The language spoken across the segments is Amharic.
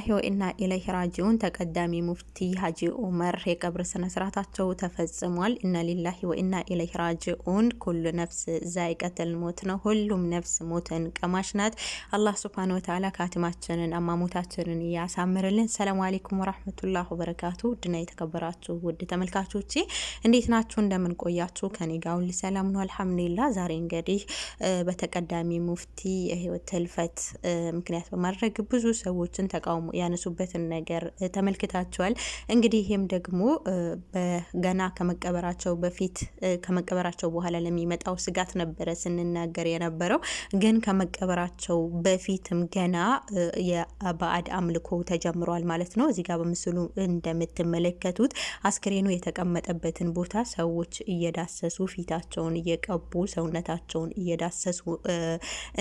ወሊላሂ ወኢና ኢለይሂ ራጂዑን ተቀዳሚ ሙፍቲ ሀጂ ኡመር የቀብር ስነ ስርዓታቸው ተፈጽሟል። ኢና ሊላሂ ወኢና ኢለይሂ ራጂዑን። ኩሉ ነፍስ ዛይቀተል ሞት ነው፣ ሁሉም ነፍስ ሞትን ቀማሽ ናት። አላህ ሱብሃነ ወተዓላ ካቲማችንን አማሞታችንን እያሳምርልን። ሰላሙ አለይኩም ወራህመቱላሂ ወበረካቱ። ውድና የተከበራችሁ ውድ ተመልካቾቼ እንዴት ናችሁ? እንደምን ቆያችሁ? ከኔ ጋር ሁሉ ሰላም ነው አልሐምዱሊላህ። ዛሬ እንግዲህ በተቀዳሚ ሙፍቲ የህይወት ህልፈት ምክንያት በማድረግ ብዙ ሰዎችን ተቃውሞ ያነሱበትን ነገር ተመልክታችኋል። እንግዲህ ይህም ደግሞ በገና ከመቀበራቸው በፊት ከመቀበራቸው በኋላ ለሚመጣው ስጋት ነበረ ስንናገር የነበረው። ግን ከመቀበራቸው በፊትም ገና የባዕድ አምልኮ ተጀምሯል ማለት ነው። እዚህ ጋር በምስሉ እንደምትመለከቱት አስክሬኑ የተቀመጠበትን ቦታ ሰዎች እየዳሰሱ ፊታቸውን እየቀቡ ሰውነታቸውን እየዳሰሱ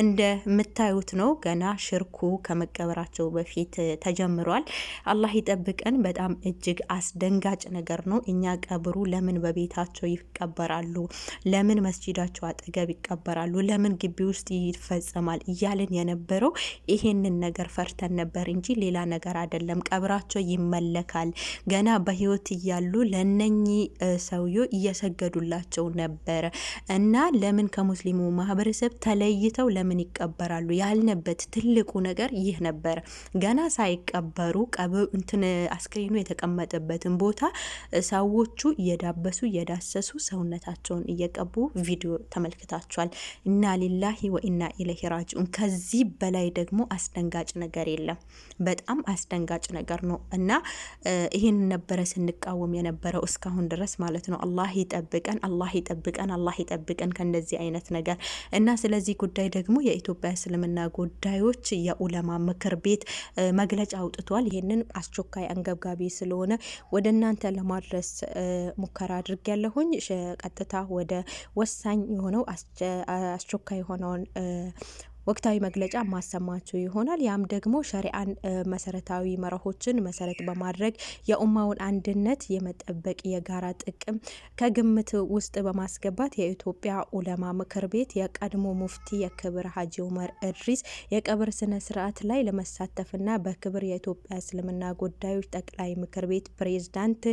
እንደምታዩት ነው። ገና ሽርኩ ከመቀበራቸው በፊት ተጀምሯል። አላህ ይጠብቀን። በጣም እጅግ አስደንጋጭ ነገር ነው። እኛ ቀብሩ ለምን በቤታቸው ይቀበራሉ? ለምን መስጂዳቸው አጠገብ ይቀበራሉ? ለምን ግቢ ውስጥ ይፈጸማል? እያልን የነበረው ይሄንን ነገር ፈርተን ነበር እንጂ ሌላ ነገር አይደለም። ቀብራቸው ይመለካል። ገና በህይወት እያሉ ለነኚህ ሰውዮ እየሰገዱላቸው ነበር እና ለምን ከሙስሊሙ ማህበረሰብ ተለይተው ለምን ይቀበራሉ? ያልነበት ትልቁ ነገር ይህ ነበር ገና ሳይቀበሩ እንትን አስክሬኑ የተቀመጠበትን ቦታ ሰዎቹ እየዳበሱ እየዳሰሱ ሰውነታቸውን እየቀቡ ቪዲዮ ተመልክታችኋል። ኢና ሊላሂ ወኢና ኢለይሂ ራጂኡን። ከዚህ በላይ ደግሞ አስደንጋጭ ነገር የለም። በጣም አስደንጋጭ ነገር ነው እና ይህን ነበረ ስንቃወም የነበረው እስካሁን ድረስ ማለት ነው። አላህ ይጠብቀን፣ አላህ ይጠብቀን፣ አላህ ይጠብቀን ከእንደዚህ አይነት ነገር እና ስለዚህ ጉዳይ ደግሞ የኢትዮጵያ እስልምና ጉዳዮች የኡለማ ምክር ቤት መግለጫ አውጥቷል። ይህንን አስቸኳይ አንገብጋቢ ስለሆነ ወደ እናንተ ለማድረስ ሙከራ አድርግ ያለሁኝ ቀጥታ ወደ ወሳኝ የሆነው አስቸኳይ የሆነውን ወቅታዊ መግለጫ ማሰማቸው ይሆናል። ያም ደግሞ ሸሪአን መሰረታዊ መርሆችን መሰረት በማድረግ የኡማውን አንድነት የመጠበቅ የጋራ ጥቅም ከግምት ውስጥ በማስገባት የኢትዮጵያ ኡለማ ምክር ቤት የቀድሞ ሙፍቲ የክብር ሀጂ ኡመር እድሪስ የቀብር ስነ ስርዓት ላይ ለመሳተፍና በክብር የኢትዮጵያ እስልምና ጉዳዮች ጠቅላይ ምክር ቤት ፕሬዝዳንት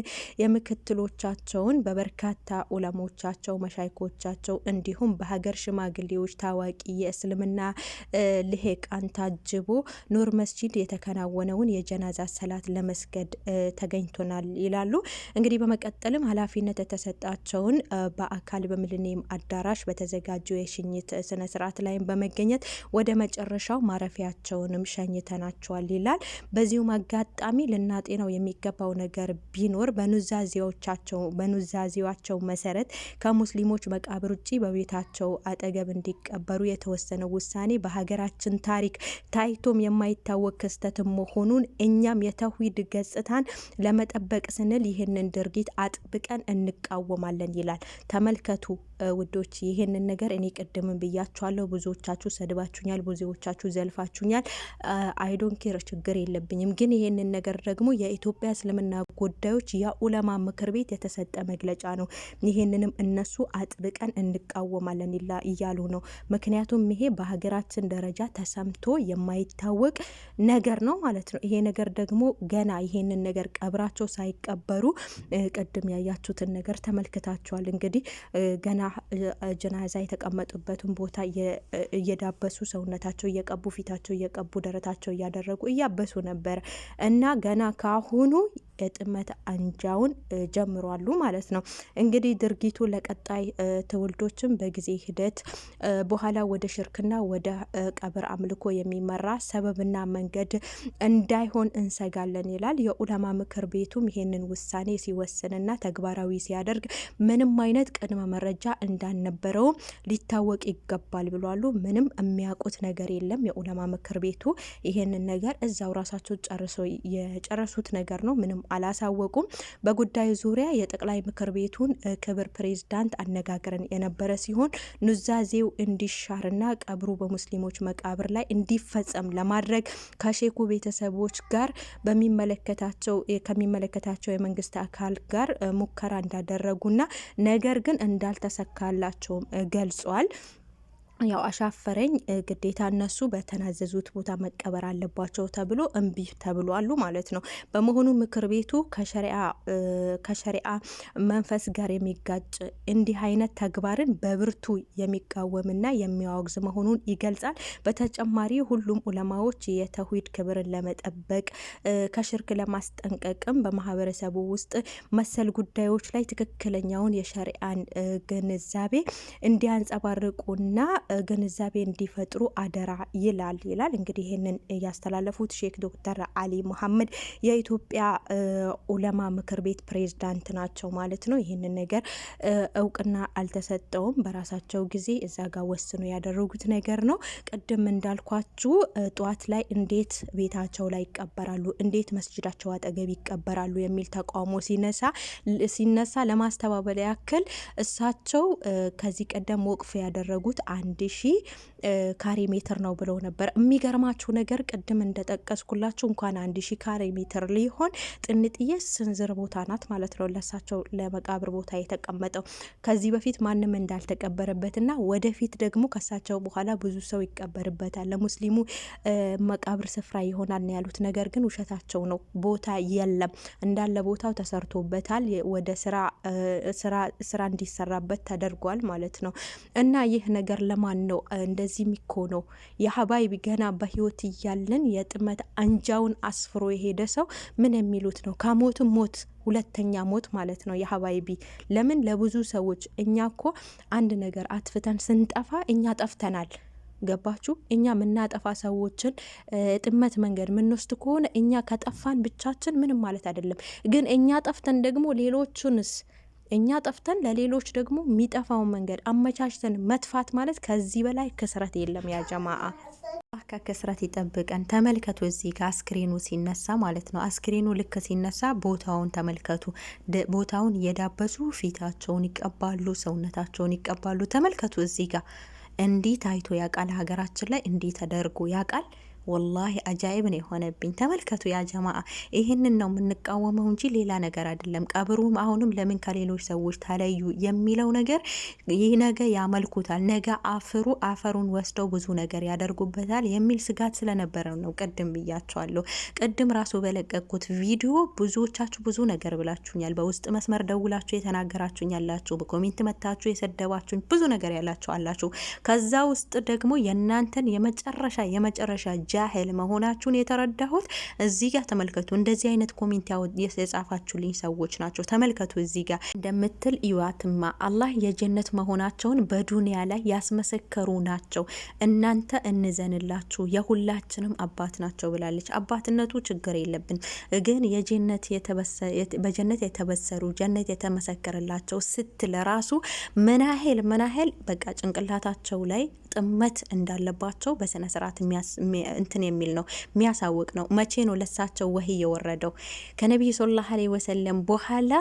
የምክትሎቻቸውን በበርካታ ኡለሞቻቸው መሻይኮቻቸው እንዲሁም በሀገር ሽማግሌዎች ታዋቂ የእስልምና ልሂቃን ታጅቦ ኑር መስጂድ የተከናወነውን የጀናዛ ሰላት ለመስገድ ተገኝቶናል ይላሉ። እንግዲህ በመቀጠልም ኃላፊነት የተሰጣቸውን በአካል በሚሊኒየም አዳራሽ በተዘጋጀው የሽኝት ስነ ስርዓት ላይም በመገኘት ወደ መጨረሻው ማረፊያቸውንም ሸኝተናቸዋል ይላል። በዚሁም አጋጣሚ ልናጤነው የሚገባው ነገር ቢኖር በኑዛዜዎቻቸው በኑዛዜዋቸው መሰረት ከሙስሊሞች መቃብር ውጭ በቤታቸው አጠገብ እንዲቀበሩ የተወሰነው ውሳኔ በሀገራችን ታሪክ ታይቶም የማይታወቅ ክስተት መሆኑን እኛም የተውሂድ ገጽታን ለመጠበቅ ስንል ይህንን ድርጊት አጥብቀን እንቃወማለን ይላል። ተመልከቱ። ውዶች ይህንን ነገር እኔ ቅድምን ብያችኋለሁ። ብዙዎቻችሁ ሰድባችሁኛል፣ ብዙዎቻችሁ ዘልፋችሁኛል። አይዶን ኬር ችግር የለብኝም። ግን ይህንን ነገር ደግሞ የኢትዮጵያ እስልምና ጉዳዮች የኡለማ ምክር ቤት የተሰጠ መግለጫ ነው። ይህንንም እነሱ አጥብቀን እንቃወማለን እያሉ ነው። ምክንያቱም ይሄ በሀገራችን ደረጃ ተሰምቶ የማይታወቅ ነገር ነው ማለት ነው። ይሄ ነገር ደግሞ ገና ይሄንን ነገር ቀብራቸው ሳይቀበሩ ቅድም ያያችሁትን ነገር ተመልክታችኋል። እንግዲህ ገና ጀናዛ የተቀመጡበትን ቦታ እየዳበሱ ሰውነታቸው እየቀቡ ፊታቸው እየቀቡ ደረታቸው እያደረጉ እያበሱ ነበር እና ገና ካሁኑ የጥመት አንጃውን ጀምሯሉ ማለት ነው። እንግዲህ ድርጊቱ ለቀጣይ ትውልዶችም በጊዜ ሂደት በኋላ ወደ ሽርክና ወደ ቀብር አምልኮ የሚመራ ሰበብና መንገድ እንዳይሆን እንሰጋለን ይላል። የኡለማ ምክር ቤቱም ይሄንን ውሳኔ ሲወስንና ተግባራዊ ሲያደርግ ምንም አይነት ቅድመ መረጃ እንዳነበረው ሊታወቅ ይገባል ብሏሉ። ምንም የሚያውቁት ነገር የለም። የኡለማ ምክር ቤቱ ይሄንን ነገር እዛው ራሳቸው ጨርሶ የጨረሱት ነገር ነው። ምንም አላሳወቁም። በጉዳዩ ዙሪያ የጠቅላይ ምክር ቤቱን ክብር ፕሬዝዳንት አነጋግረን የነበረ ሲሆን ኑዛዜው እንዲሻርና ቀብሩ በሙስሊሞች መቃብር ላይ እንዲፈጸም ለማድረግ ከሼኩ ቤተሰቦች ጋር በሚመለከታቸው ከሚመለከታቸው የመንግስት አካል ጋር ሙከራ እንዳደረጉና ነገር ግን እንዳልተሰካላቸውም ገልጿል። ያው አሻፈረኝ ግዴታ እነሱ በተናዘዙት ቦታ መቀበር አለባቸው ተብሎ እምቢ ተብሏሉ ማለት ነው። በመሆኑ ምክር ቤቱ ከሸሪአ መንፈስ ጋር የሚጋጭ እንዲህ አይነት ተግባርን በብርቱ የሚቃወምና የሚያወግዝ መሆኑን ይገልጻል። በተጨማሪ ሁሉም ኡለማዎች የተውሂድ ክብርን ለመጠበቅ ከሽርክ ለማስጠንቀቅም በማህበረሰቡ ውስጥ መሰል ጉዳዮች ላይ ትክክለኛውን የሸሪአን ግንዛቤ እንዲያንጸባርቁና ግንዛቤ እንዲፈጥሩ አደራ ይላል ይላል። እንግዲህ ይህንን ያስተላለፉት ሼክ ዶክተር አሊ መሐመድ የኢትዮጵያ ኡለማ ምክር ቤት ፕሬዝዳንት ናቸው ማለት ነው። ይህንን ነገር እውቅና አልተሰጠውም። በራሳቸው ጊዜ እዛ ጋር ወስኖ ያደረጉት ነገር ነው። ቅድም እንዳልኳችሁ ጠዋት ላይ እንዴት ቤታቸው ላይ ይቀበራሉ፣ እንዴት መስጅዳቸው አጠገብ ይቀበራሉ የሚል ተቃውሞ ሲነሳ ሲነሳ ለማስተባበል ያክል እሳቸው ከዚህ ቀደም ወቅፍ ያደረጉት አንድ አንድ ሺ ካሬ ሜትር ነው ብለው ነበር። የሚገርማችሁ ነገር ቅድም እንደጠቀስኩላችሁ እንኳን አንድ ሺ ካሬ ሜትር ሊሆን ጥንጥዬ ስንዝር ቦታ ናት ማለት ነው ለሳቸው ለመቃብር ቦታ የተቀመጠው ከዚህ በፊት ማንም እንዳልተቀበረበትና ወደፊት ደግሞ ከሳቸው በኋላ ብዙ ሰው ይቀበርበታል ለሙስሊሙ መቃብር ስፍራ ይሆናል ነው ያሉት። ነገር ግን ውሸታቸው ነው። ቦታ የለም እንዳለ ቦታው ተሰርቶበታል። ወደ ስራ እንዲሰራበት ተደርጓል ማለት ነው እና ይህ ነገር ለማ ማን ነው እንደዚህ ሚኮ ነው የሀባይቢ ገና በህይወት እያለን የጥመት አንጃውን አስፍሮ የሄደ ሰው ምን የሚሉት ነው? ከሞት ሞት ሁለተኛ ሞት ማለት ነው። የሀባይቢ ለምን ለብዙ ሰዎች እኛ እኮ አንድ ነገር አትፍተን ስንጠፋ እኛ ጠፍተናል። ገባችሁ? እኛ የምናጠፋ ሰዎችን ጥመት መንገድ የምንወስድ ከሆነ እኛ ከጠፋን ብቻችን ምንም ማለት አይደለም። ግን እኛ ጠፍተን ደግሞ ሌሎቹንስ እኛ ጠፍተን ለሌሎች ደግሞ የሚጠፋውን መንገድ አመቻችተን መጥፋት ማለት ከዚህ በላይ ክስረት የለም። ያ ጀማአ ከክስረት ይጠብቀን። ተመልከቱ እዚህ ጋር አስክሬኑ ሲነሳ ማለት ነው። አስክሬኑ ልክ ሲነሳ ቦታውን ተመልከቱ። ቦታውን እየዳበሱ ፊታቸውን ይቀባሉ፣ ሰውነታቸውን ይቀባሉ። ተመልከቱ እዚህ ጋር እንዲህ ታይቶ ያውቃል? ሀገራችን ላይ እንዲህ ተደርጎ ያውቃል? ወላሂ አጃይብ ነው የሆነብኝ። ተመልከቱ ያ ጀማአ፣ ይህንን ነው የምንቃወመው እንጂ ሌላ ነገር አይደለም። ቀብሩም አሁንም ለምን ከሌሎች ሰዎች ተለዩ የሚለው ነገር ይህ ነገ ያመልኩታል፣ ነገ አፍሩ አፈሩን ወስደው ብዙ ነገር ያደርጉበታል የሚል ስጋት ስለነበረ ነው። ቅድም ብያቸዋለሁ። ቅድም ራሱ በለቀኩት ቪዲዮ ብዙዎቻችሁ ብዙ ነገር ብላችሁኛል። በውስጥ መስመር ደውላችሁ የተናገራችሁኝ ያላችሁ፣ በኮሜንት መታችሁ የሰደባችሁኝ ብዙ ነገር ያላችሁ አላችሁ። ከዛ ውስጥ ደግሞ የእናንተን የመጨረሻ የመጨረሻ ጃህል መሆናችሁን የተረዳሁት። እዚህ ጋር ተመልከቱ። እንደዚህ አይነት ኮሜንት የጻፋችሁልኝ ሰዎች ናቸው። ተመልከቱ እዚህ ጋር እንደምትል ይዋትማ አላህ የጀነት መሆናቸውን በዱንያ ላይ ያስመሰከሩ ናቸው። እናንተ እንዘንላችሁ የሁላችንም አባት ናቸው ብላለች። አባትነቱ ችግር የለብን ግን የጀነት በጀነት የተበሰሩ ጀነት የተመሰከረላቸው ስትል ራሱ ምናሄል ምናሄል በቃ ጭንቅላታቸው ላይ ጥመት እንዳለባቸው በስነስርዓት እንትን የሚል ነው የሚያሳውቅ ነው። መቼ ነው ለሳቸው ወህይ የወረደው? ከነቢይ ሰለላሁ ዐለይሂ ወሰለም በኋላ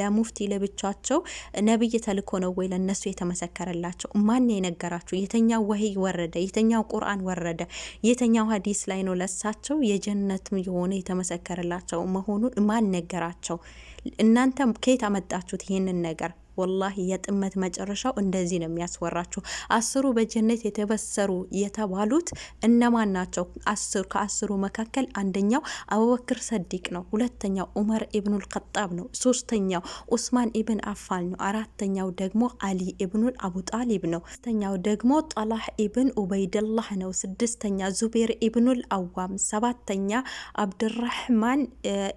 ለሙፍቲ ለብቻቸው ነቢይ ተልኮ ነው ወይ ለእነሱ የተመሰከረላቸው? ማን የነገራቸው? የተኛው ወህይ ወረደ? የተኛው ቁርአን ወረደ? የተኛው ሀዲስ ላይ ነው ለሳቸው የጀነት የሆነ የተመሰከረላቸው መሆኑን ማን ነገራቸው? እናንተ ከየት አመጣችሁት ይህንን ነገር? ወላሂ የጥመት መጨረሻው እንደዚህ ነው የሚያስወራችሁ። አስሩ በጀነት የተበሰሩ የተባሉት እነማን ናቸው? አስሩ ከአስሩ መካከል አንደኛው አቡበክር ሰዲቅ ነው። ሁለተኛው ዑመር ኢብኑል ከጣብ ነው። ሶስተኛው ኡስማን ኢብን አፋን ነው። አራተኛው ደግሞ አሊ ኢብኑል አቡ ጣሊብ ነው። ተኛው ደግሞ ጣላህ ኢብን ኡበይደላህ ነው። ስድስተኛ ዙቤር ኢብኑል አዋም፣ ሰባተኛ አብድራህማን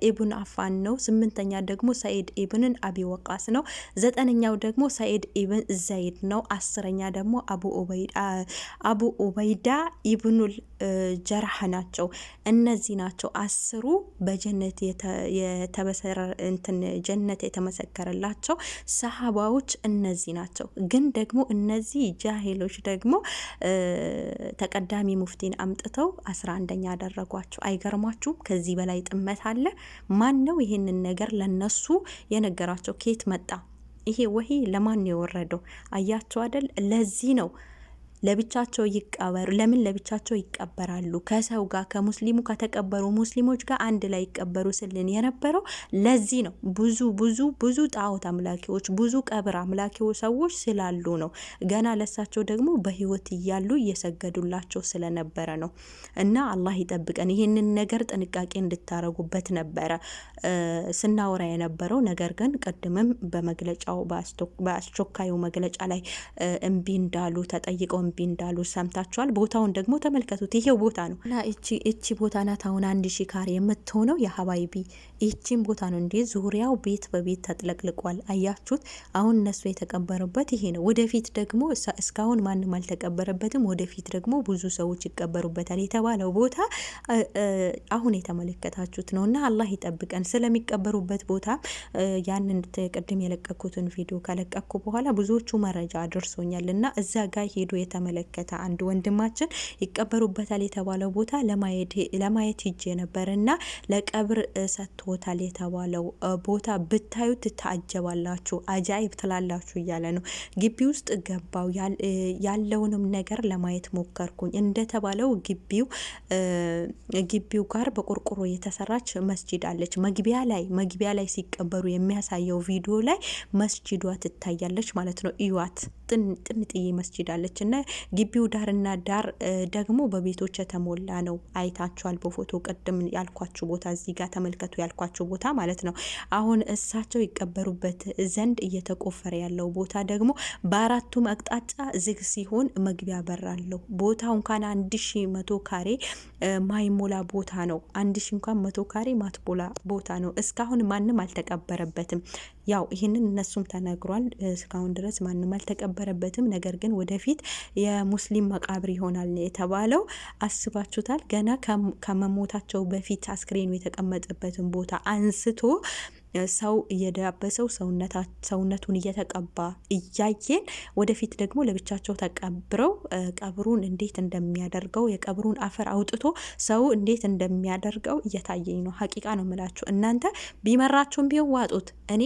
ኢብን አፋን ነው። ስምንተኛ ደግሞ ሰኢድ ኢብንን አቢ ወቃስ ነው። ዘጠ ዘጠነኛው ደግሞ ሰኢድ ኢብን ዘይድ ነው። አስረኛ ደግሞ አቡ ኡበይዳ ኢብኑል ጀራህ ናቸው። እነዚህ ናቸው አስሩ በጀነት ጀነት የተመሰከረላቸው ሰሃባዎች እነዚህ ናቸው። ግን ደግሞ እነዚህ ጃሄሎች ደግሞ ተቀዳሚ ሙፍቲን አምጥተው አስራ አንደኛ ያደረጓቸው አይገርማችሁም? ከዚህ በላይ ጥመት አለ? ማን ነው ይህንን ነገር ለነሱ የነገራቸው? ኬት መጣ? ይሄ ወሂ ለማን የወረደው? አያችሁ አደል? ለዚህ ነው ለብቻቸው ይቀበሩ። ለምን ለብቻቸው ይቀበራሉ? ከሰው ጋር ከሙስሊሙ ከተቀበሩ ሙስሊሞች ጋር አንድ ላይ ይቀበሩ ስልን የነበረው ለዚህ ነው። ብዙ ብዙ ብዙ ጣዖት አምላኪዎች ብዙ ቀብር አምላኪዎች ሰዎች ስላሉ ነው። ገና ለሳቸው ደግሞ በህይወት እያሉ እየሰገዱላቸው ስለነበረ ነው። እና አላህ ይጠብቀን። ይህንን ነገር ጥንቃቄ እንድታረጉበት ነበረ ስናወራ የነበረው ነገር ግን ቅድምም በመግለጫው በአስቸኳዩ መግለጫ ላይ እምቢ እንዳሉ ተጠይቀው እምቢ እንዳሉ ሰምታችኋል። ቦታውን ደግሞ ተመልከቱት። ይሄው ቦታ ነው እና እቺ ቦታ ናት አሁን አንድ ሺ ካሬ የምትሆነው የሀባይቢ ይቺን ቦታ ነው እንዲህ ዙሪያው ቤት በቤት ተጥለቅልቋል። አያችሁት? አሁን እነሱ የተቀበሩበት ይሄ ነው። ወደፊት ደግሞ እስካሁን ማንም አልተቀበረበትም። ወደፊት ደግሞ ብዙ ሰዎች ይቀበሩበታል የተባለው ቦታ አሁን የተመለከታችሁት ነው እና አላህ ይጠብቀን። ስለሚቀበሩበት ቦታ ያንን ቅድም የለቀኩትን ቪዲዮ ከለቀኩ በኋላ ብዙዎቹ መረጃ አድርሶኛል እና እዛ ጋር ሄዶ የተ የተመለከተ አንድ ወንድማችን ይቀበሩበታል የተባለው ቦታ ለማየት ሂጄ ነበር እና ለቀብር ሰጥቶታል የተባለው ቦታ ብታዩ ትታጀባላችሁ፣ አጃይብ ትላላችሁ እያለ ነው። ግቢ ውስጥ ገባው ያለውንም ነገር ለማየት ሞከርኩኝ። እንደተባለው ግቢው ግቢው ጋር በቆርቆሮ የተሰራች መስጂድ አለች። መግቢያ ላይ መግቢያ ላይ ሲቀበሩ የሚያሳየው ቪዲዮ ላይ መስጂዷ ትታያለች ማለት ነው። እዩዋት፣ ጥንጥዬ መስጂድ አለች እና ግቢው ዳርና ዳር ደግሞ በቤቶች የተሞላ ነው። አይታችኋል በፎቶ ቅድም ያልኳችሁ ቦታ እዚህ ጋር ተመልከቱ ያልኳችሁ ቦታ ማለት ነው። አሁን እሳቸው ይቀበሩበት ዘንድ እየተቆፈረ ያለው ቦታ ደግሞ በአራቱም አቅጣጫ ዝግ ሲሆን መግቢያ በር አለው። ቦታው እንኳን አንድ ሺ መቶ ካሬ ማይሞላ ቦታ ነው። አንድ ሺ እንኳን መቶ ካሬ ማትሞላ ቦታ ነው። እስካሁን ማንም አልተቀበረበትም። ያው ይህንን እነሱም ተነግሯል። እስካሁን ድረስ ማንም አልተቀበረበትም። ነገር ግን ወደፊት የሙስሊም መቃብር ይሆናል የተባለው አስባችሁታል። ገና ከመሞታቸው በፊት አስክሬኑ የተቀመጠበትን ቦታ አንስቶ ሰው እየዳበሰው ሰውነቱን እየተቀባ እያየን ወደፊት ደግሞ ለብቻቸው ተቀብረው ቀብሩን እንዴት እንደሚያደርገው የቀብሩን አፈር አውጥቶ ሰው እንዴት እንደሚያደርገው እየታየኝ ነው። ሀቂቃ ነው ምላችሁ። እናንተ ቢመራችሁም ቢዋጡት እኔ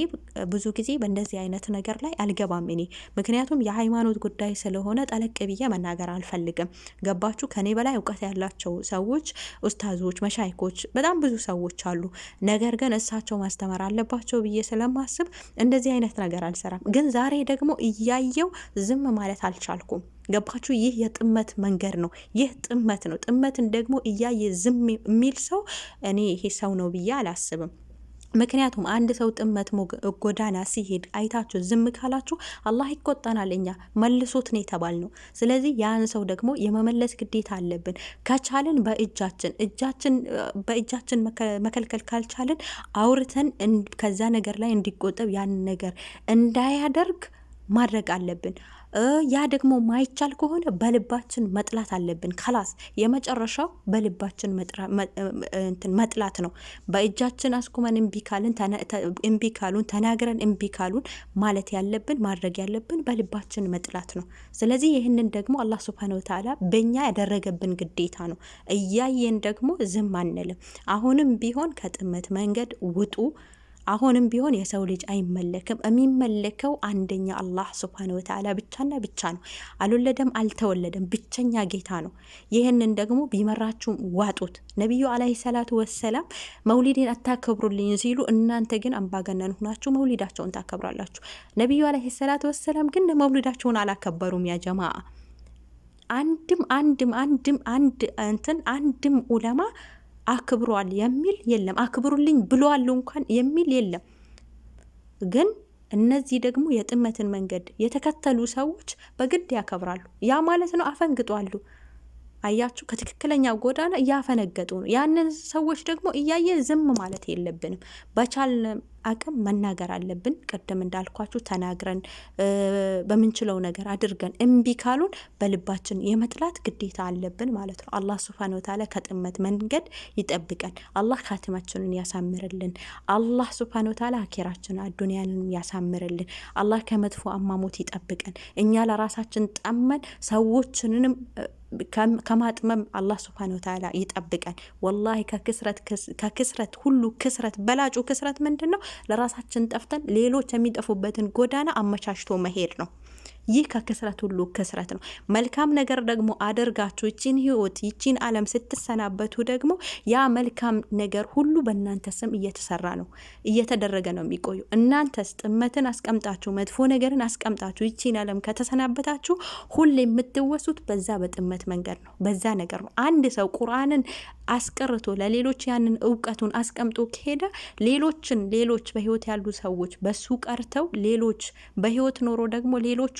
ብዙ ጊዜ በእንደዚህ አይነት ነገር ላይ አልገባም። እኔ ምክንያቱም የሃይማኖት ጉዳይ ስለሆነ ጠለቅ ብዬ መናገር አልፈልግም። ገባችሁ? ከኔ በላይ እውቀት ያላቸው ሰዎች ኡስታዞች፣ መሻይኮች በጣም ብዙ ሰዎች አሉ። ነገር ግን እሳቸው ማስተማር አለባቸው ብዬ ስለማስብ እንደዚህ አይነት ነገር አልሰራም። ግን ዛሬ ደግሞ እያየው ዝም ማለት አልቻልኩም። ገባችሁ? ይህ የጥመት መንገድ ነው። ይህ ጥመት ነው። ጥመትን ደግሞ እያየ ዝም የሚል ሰው እኔ ይሄ ሰው ነው ብዬ አላስብም። ምክንያቱም አንድ ሰው ጥመት ጎዳና ሲሄድ አይታችሁ ዝም ካላችሁ አላህ ይቆጣናል። እኛ መልሶት ነው ነው። ስለዚህ ያን ሰው ደግሞ የመመለስ ግዴታ አለብን። ከቻልን በእጃችን እጃችን በእጃችን መከልከል ካልቻልን አውርተን ከዛ ነገር ላይ እንዲቆጠብ ያን ነገር እንዳያደርግ ማድረግ አለብን። ያ ደግሞ ማይቻል ከሆነ በልባችን መጥላት አለብን። ከላስ የመጨረሻው በልባችን መጥላት ነው። በእጃችን አስኩመን እምቢ ካልን እምቢ ካሉን ተናግረን እምቢ ካሉን ማለት ያለብን ማድረግ ያለብን በልባችን መጥላት ነው። ስለዚህ ይህንን ደግሞ አላህ ሱብሃነሁ ወተዓላ በእኛ ያደረገብን ግዴታ ነው። እያየን ደግሞ ዝም አንልም። አሁንም ቢሆን ከጥመት መንገድ ውጡ። አሁንም ቢሆን የሰው ልጅ አይመለክም። የሚመለከው አንደኛ አላህ ስብሃነ ወተዓላ ብቻና ብቻ ነው። አልወለደም፣ አልተወለደም፣ ብቸኛ ጌታ ነው። ይህንን ደግሞ ቢመራችሁም ዋጡት። ነቢዩ አለይሂ ሰላቱ ወሰላም መውሊዴን አታከብሩልኝ ሲሉ እናንተ ግን አምባገነን ሁናችሁ መውሊዳቸውን ታከብራላችሁ። ነቢዩ አለይሂ ሰላቱ ወሰላም ግን መውሊዳቸውን አላከበሩም። ያ ጀማአ አንድም አንድም አንድም አንድ እንትን አንድም ዑለማ አክብሯል የሚል የለም። አክብሩልኝ ብሏል እንኳን የሚል የለም። ግን እነዚህ ደግሞ የጥመትን መንገድ የተከተሉ ሰዎች በግድ ያከብራሉ። ያ ማለት ነው አፈንግጧሉ። አያችሁ፣ ከትክክለኛ ጎዳና እያፈነገጡ ነው። ያንን ሰዎች ደግሞ እያየ ዝም ማለት የለብንም። በቻልን አቅም መናገር አለብን። ቅድም እንዳልኳችሁ ተናግረን በምንችለው ነገር አድርገን እምቢ ካሉን በልባችን የመጥላት ግዴታ አለብን ማለት ነው። አላህ ስብሃነ ወተዓላ ከጥመት መንገድ ይጠብቀን። አላህ ካትማችንን ያሳምርልን። አላህ ስብሃነ ወተዓላ አኬራችን አዱንያንን ያሳምርልን። አላህ ከመጥፎ አማሞት ይጠብቀን። እኛ ለራሳችን ጠመን ሰዎችንንም ከማጥመም አላህ ስብሐነሁ ወተዓላ ይጠብቀን። ወላሂ ከክስረት ሁሉ ክስረት በላጩ ክስረት ምንድን ነው? ለራሳችን ጠፍተን ሌሎች የሚጠፉበትን ጎዳና አመቻችቶ መሄድ ነው። ይህ ከክስረት ሁሉ ክስረት ነው። መልካም ነገር ደግሞ አደርጋችሁ ይችን ህይወት ይቺን ዓለም ስትሰናበቱ ደግሞ ያ መልካም ነገር ሁሉ በእናንተ ስም እየተሰራ ነው እየተደረገ ነው የሚቆዩ። እናንተስ ጥመትን አስቀምጣችሁ መጥፎ ነገርን አስቀምጣችሁ ይችን ዓለም ከተሰናበታችሁ ሁሌ የምትወሱት በዛ በጥመት መንገድ ነው፣ በዛ ነገር ነው። አንድ ሰው ቁርአንን አስቀርቶ ለሌሎች ያንን እውቀቱን አስቀምጦ ከሄደ ሌሎችን ሌሎች በህይወት ያሉ ሰዎች በሱ ቀርተው ሌሎች በህይወት ኖሮ ደግሞ ሌሎቹ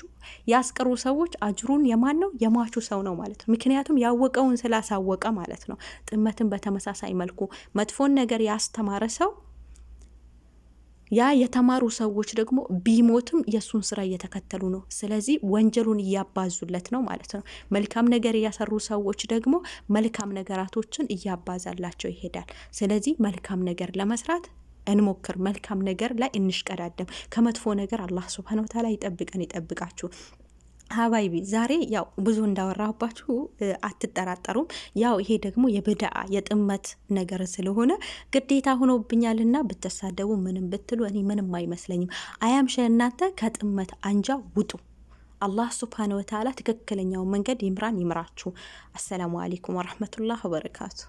ያስቀሩ ሰዎች አጅሩን የማን ነው? የሟቹ ሰው ነው ማለት ነው። ምክንያቱም ያወቀውን ስላሳወቀ ማለት ነው። ጥመትን በተመሳሳይ መልኩ መጥፎን ነገር ያስተማረ ሰው ያ የተማሩ ሰዎች ደግሞ ቢሞትም የእሱን ስራ እየተከተሉ ነው። ስለዚህ ወንጀሉን እያባዙለት ነው ማለት ነው። መልካም ነገር እያሰሩ ሰዎች ደግሞ መልካም ነገራቶችን እያባዛላቸው ይሄዳል። ስለዚህ መልካም ነገር ለመስራት እንሞክር። መልካም ነገር ላይ እንሽቀዳደም። ከመጥፎ ነገር አላህ ሱብሃነሁ ወተዓላ ይጠብቀን፣ ይጠብቃችሁ። ሀባይቢ ዛሬ ያው ብዙ እንዳወራባችሁ አትጠራጠሩም። ያው ይሄ ደግሞ የብድአ የጥመት ነገር ስለሆነ ግዴታ ሆኖብኛልና ብትሳደቡ ምንም ብትሉ እኔ ምንም አይመስለኝም። አያምሸ እናንተ ከጥመት አንጃ ውጡ። አላህ ስብሓነ ወተዓላ ትክክለኛውን መንገድ ይምራን ይምራችሁ። አሰላሙ አሌይኩም ወረሕመቱላህ ወበረካቱ